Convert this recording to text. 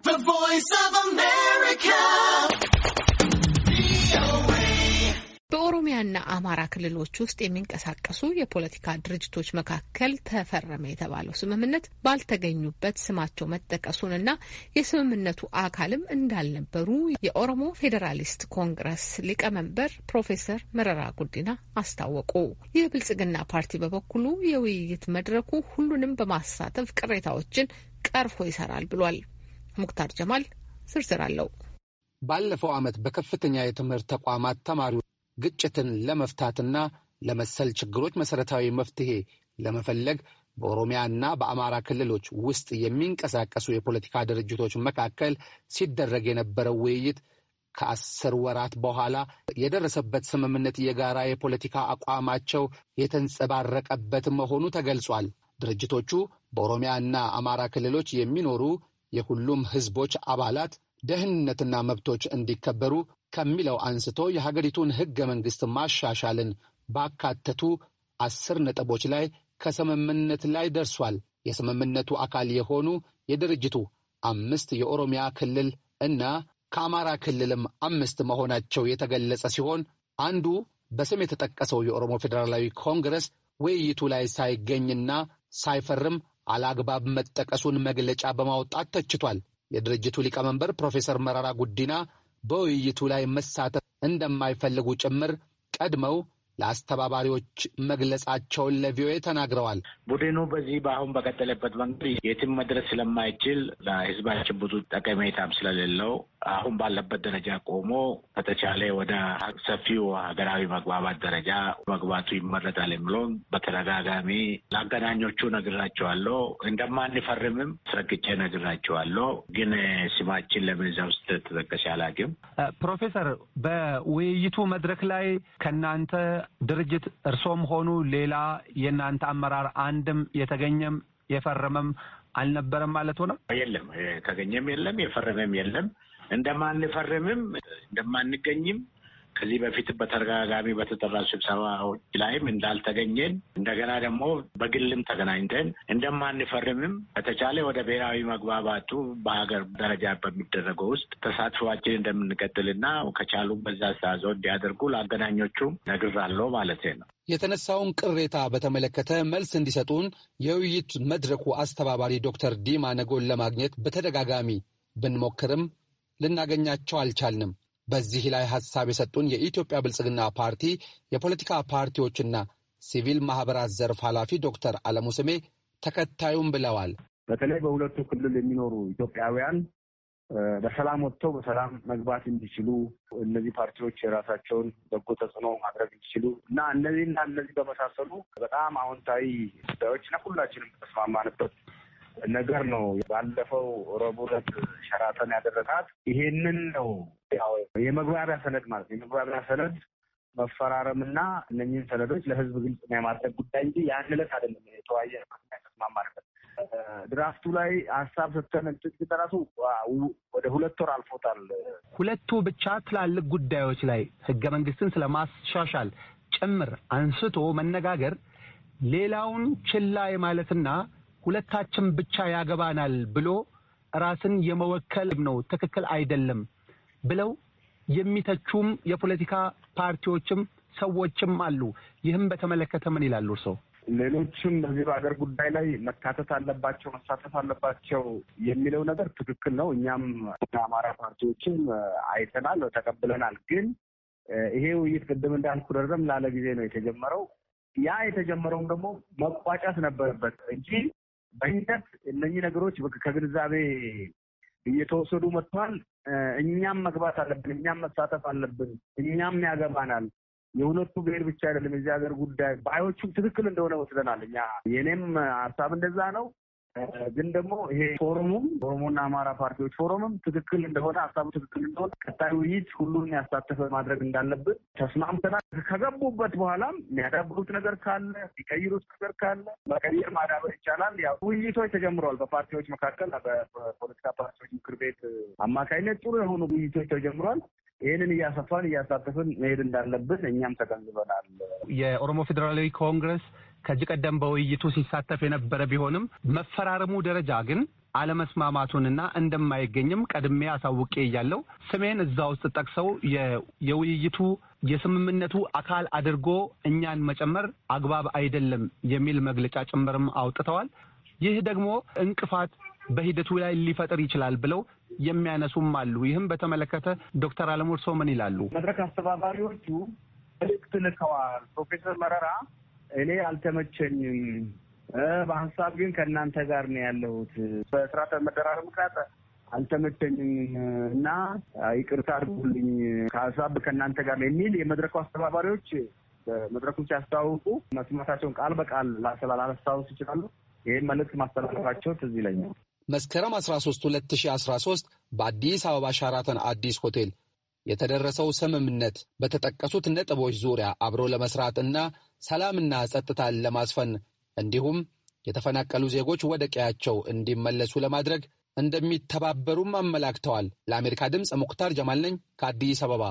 The Voice of America. በኦሮሚያና አማራ ክልሎች ውስጥ የሚንቀሳቀሱ የፖለቲካ ድርጅቶች መካከል ተፈረመ የተባለው ስምምነት ባልተገኙበት ስማቸው መጠቀሱንና የስምምነቱ አካልም እንዳልነበሩ የኦሮሞ ፌዴራሊስት ኮንግረስ ሊቀመንበር ፕሮፌሰር መረራ ጉዲና አስታወቁ። የብልጽግና ፓርቲ በበኩሉ የውይይት መድረኩ ሁሉንም በማሳተፍ ቅሬታዎችን ቀርፎ ይሰራል ብሏል። ሙክታር ጀማል ዝርዝር አለው። ባለፈው ዓመት በከፍተኛ የትምህርት ተቋማት ተማሪዎች ግጭትን ለመፍታትና ለመሰል ችግሮች መሰረታዊ መፍትሄ ለመፈለግ በኦሮሚያና በአማራ ክልሎች ውስጥ የሚንቀሳቀሱ የፖለቲካ ድርጅቶች መካከል ሲደረግ የነበረው ውይይት ከአስር ወራት በኋላ የደረሰበት ስምምነት የጋራ የፖለቲካ አቋማቸው የተንጸባረቀበት መሆኑ ተገልጿል። ድርጅቶቹ በኦሮሚያና አማራ ክልሎች የሚኖሩ የሁሉም ሕዝቦች አባላት ደህንነትና መብቶች እንዲከበሩ ከሚለው አንስቶ የሀገሪቱን ሕገ መንግሥት ማሻሻልን ባካተቱ አስር ነጥቦች ላይ ከስምምነት ላይ ደርሷል። የስምምነቱ አካል የሆኑ የድርጅቱ አምስት የኦሮሚያ ክልል እና ከአማራ ክልልም አምስት መሆናቸው የተገለጸ ሲሆን አንዱ በስም የተጠቀሰው የኦሮሞ ፌዴራላዊ ኮንግረስ ውይይቱ ላይ ሳይገኝና ሳይፈርም አላግባብ መጠቀሱን መግለጫ በማውጣት ተችቷል። የድርጅቱ ሊቀመንበር ፕሮፌሰር መራራ ጉዲና በውይይቱ ላይ መሳተፍ እንደማይፈልጉ ጭምር ቀድመው ለአስተባባሪዎች መግለጻቸውን ለቪኦኤ ተናግረዋል። ቡድኑ በዚህ በአሁን በቀጠለበት መንገድ የትም መድረስ ስለማይችል ለሕዝባችን ብዙ ጠቀሜታም ስለሌለው አሁን ባለበት ደረጃ ቆሞ በተቻለ ወደ ሰፊው ሀገራዊ መግባባት ደረጃ መግባቱ ይመረጣል የሚለውን በተደጋጋሚ ለአገናኞቹ ነግራቸዋለሁ። እንደማንፈርምም አስረግጬ ነግራቸዋለሁ። ግን ስማችን ለምን እዛ ውስጥ ተጠቀሰ አላውቅም። ፕሮፌሰር፣ በውይይቱ መድረክ ላይ ከእናንተ ድርጅት እርሶም ሆኑ ሌላ የእናንተ አመራር አንድም የተገኘም የፈረመም አልነበረም ማለት ሆነ? የለም፣ የተገኘም የለም፣ የፈረመም የለም። እንደማንፈርምም እንደማንገኝም ከዚህ በፊት በተደጋጋሚ በተጠራ ስብሰባዎች ላይም እንዳልተገኘን እንደገና ደግሞ በግልም ተገናኝተን እንደማንፈርምም በተቻለ ወደ ብሔራዊ መግባባቱ በሀገር ደረጃ በሚደረገው ውስጥ ተሳትፏችን እንደምንቀጥልና ከቻሉ በዛ አስተዋጽኦ እንዲያደርጉ ለአገናኞቹም ነግራለሁ ማለት ነው። የተነሳውን ቅሬታ በተመለከተ መልስ እንዲሰጡን የውይይት መድረኩ አስተባባሪ ዶክተር ዲማ ነጎን ለማግኘት በተደጋጋሚ ብንሞክርም ልናገኛቸው አልቻልንም። በዚህ ላይ ሀሳብ የሰጡን የኢትዮጵያ ብልጽግና ፓርቲ የፖለቲካ ፓርቲዎችና ሲቪል ማህበራት ዘርፍ ኃላፊ ዶክተር አለሙ ስሜ ተከታዩም ብለዋል። በተለይ በሁለቱ ክልል የሚኖሩ ኢትዮጵያውያን በሰላም ወጥተው በሰላም መግባት እንዲችሉ እነዚህ ፓርቲዎች የራሳቸውን በጎ ተጽዕኖ ማድረግ እንዲችሉ እና እነዚህና እነዚህ በመሳሰሉ በጣም አዎንታዊ ጉዳዮች ሁላችንም ተስማማንበት ነገር ነው። ባለፈው ረቡዕ ዕለት ሸራተን ያደረጋት ይሄንን ነው። ያው የመግባቢያ ሰነድ ማለት የመግባቢያ ሰነድ መፈራረምና እነኝህን ሰነዶች ለህዝብ ግልጽ የማድረግ ጉዳይ እንጂ ያን ዕለት አይደለም የተወያየ ተስማማንበት። ድራፍቱ ላይ ሀሳብ ሰጥተን ራሱ ወደ ሁለት ወር አልፎታል። ሁለቱ ብቻ ትላልቅ ጉዳዮች ላይ ህገ መንግስትን ስለማሻሻል ጭምር አንስቶ መነጋገር ሌላውን ችላ የማለትና ሁለታችን ብቻ ያገባናል ብሎ ራስን የመወከል ነው ትክክል አይደለም ብለው የሚተቹም የፖለቲካ ፓርቲዎችም ሰዎችም አሉ። ይህም በተመለከተ ምን ይላሉ እርስዎ? ሌሎችም በዚህ በሀገር ጉዳይ ላይ መካተት አለባቸው መሳተፍ አለባቸው የሚለው ነገር ትክክል ነው። እኛም የአማራ ፓርቲዎችም አይተናል፣ ተቀብለናል። ግን ይሄ ውይይት ቅድም እንዳልኩ ረዘም ላለ ጊዜ ነው የተጀመረው። ያ የተጀመረውም ደግሞ መቋጫት ነበረበት እንጂ በሂደት እነኚህ ነገሮች ከግንዛቤ እየተወሰዱ መጥተዋል። እኛም መግባት አለብን፣ እኛም መሳተፍ አለብን፣ እኛም ያገባናል። የሁለቱ ብሔር ብቻ አይደለም የዚህ ሀገር ጉዳይ። ባዮቹም ትክክል እንደሆነ ወስደናል እኛ የእኔም ሀሳብ እንደዛ ነው። ግን ደግሞ ይሄ ፎረሙም ኦሮሞና አማራ ፓርቲዎች ፎረምም ትክክል እንደሆነ ሀሳቡ ትክክል እንደሆነ ቀጣይ ውይይት ሁሉን ያሳተፈ ማድረግ እንዳለብን ተስማምተናል። ከገቡበት በኋላም የሚያዳብሩት ነገር ካለ የሚቀይሩት ነገር ካለ መቀየር ማዳበር ይቻላል። ያው ውይይቶች ተጀምረዋል። በፓርቲዎች መካከል በፖለቲካ ፓርቲዎች ምክር ቤት አማካኝነት ጥሩ የሆኑ ውይይቶች ተጀምረዋል። ይህንን እያሰፋን እያሳተፍን መሄድ እንዳለብን እኛም ተገንዝበናል። የኦሮሞ ፌዴራላዊ ኮንግረስ ከዚህ ቀደም በውይይቱ ሲሳተፍ የነበረ ቢሆንም መፈራረሙ ደረጃ ግን አለመስማማቱንና እንደማይገኝም ቀድሜ አሳውቄ እያለው ስሜን እዛ ውስጥ ጠቅሰው የውይይቱ የስምምነቱ አካል አድርጎ እኛን መጨመር አግባብ አይደለም የሚል መግለጫ ጭምርም አውጥተዋል። ይህ ደግሞ እንቅፋት በሂደቱ ላይ ሊፈጥር ይችላል ብለው የሚያነሱም አሉ። ይህም በተመለከተ ዶክተር አለሙ ምን ይላሉ? መድረክ አስተባባሪዎቹ መልእክት ልከዋል። ፕሮፌሰር መረራ እኔ አልተመቸኝም፣ በሀሳብ ግን ከእናንተ ጋር ነው ያለሁት። በስራ መደራረብ ምክንያት አልተመቸኝም እና ይቅርታ አድርጉልኝ፣ ከሀሳብ ከእናንተ ጋር ነው የሚል የመድረኩ አስተባባሪዎች መድረኩ ሲያስተዋውቁ መስማታቸውን ቃል በቃል ላላስታውስ ይችላሉ። ይህም መልእክት ማስተላለፋቸው ትዝ ይለኛል። መስከረም 13 2013 በአዲስ አበባ ሻራተን አዲስ ሆቴል የተደረሰው ስምምነት በተጠቀሱት ነጥቦች ዙሪያ አብሮ ለመስራት እና ሰላምና ጸጥታን ለማስፈን እንዲሁም የተፈናቀሉ ዜጎች ወደ ቀያቸው እንዲመለሱ ለማድረግ እንደሚተባበሩም አመላክተዋል። ለአሜሪካ ድምፅ ሙክታር ጀማል ነኝ ከአዲስ አበባ።